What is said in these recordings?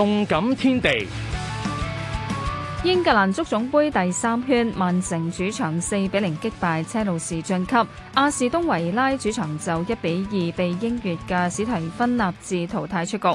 動感天地，英格蘭足總杯第三圈，曼城主場四比零擊敗車路士晉級，阿士東維拉主場就一比二被英乙嘅史提芬納治淘汰出局。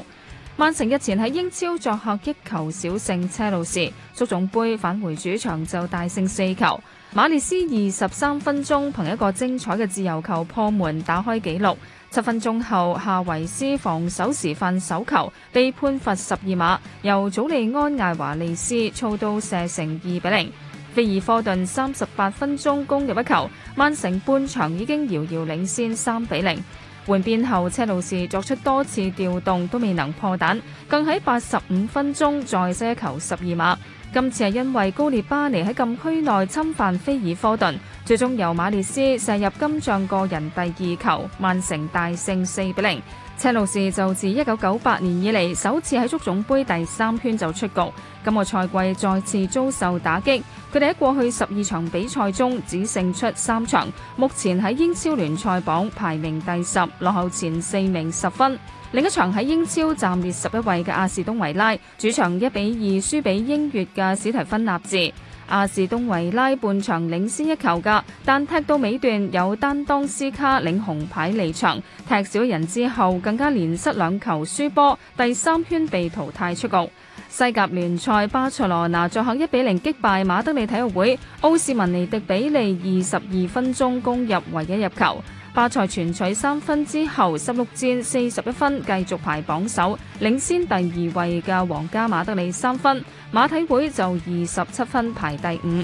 曼城日前喺英超作客一球小勝車路士，足總杯返回主場就大勝四球。馬利斯二十三分鐘憑一個精彩嘅自由球破門打開紀錄，七分鐘後夏維斯防守時犯手球被判罰十二碼，由祖利安艾華利斯操刀射成二比零。菲爾科頓三十八分鐘攻入一球，曼城半場已經遙遙領先三比零。換邊後車路士作出多次調動都未能破蛋，更喺八十五分鐘再射球十二碼。今次係因為高列巴尼喺禁區內侵犯菲爾科頓，最終由馬列斯射入金像個人第二球，曼城大勝四比零。車路士就自一九九八年以嚟首次喺足總杯第三圈就出局，今個賽季再次遭受打擊。佢哋喺過去十二場比賽中只勝出三場，目前喺英超聯賽榜排名第十，落後前四名十分。另一場喺英超暫列十一位嘅阿士東維拉，主場一比二輸俾英乙嘅史提芬納治，阿士東維拉半場領先一球噶，但踢到尾段有丹當斯卡領紅牌離場，踢少人之後更加連失兩球輸波，第三圈被淘汰出局。西甲聯賽巴塞羅那作客一比零擊敗馬德里體育會，奧斯文尼迪比利二十二分鐘攻入唯一入球。巴塞全取三分之後，16戰四十一分繼續排榜首，領先第二位嘅皇家馬德里三分，馬體會就二十七分排第五。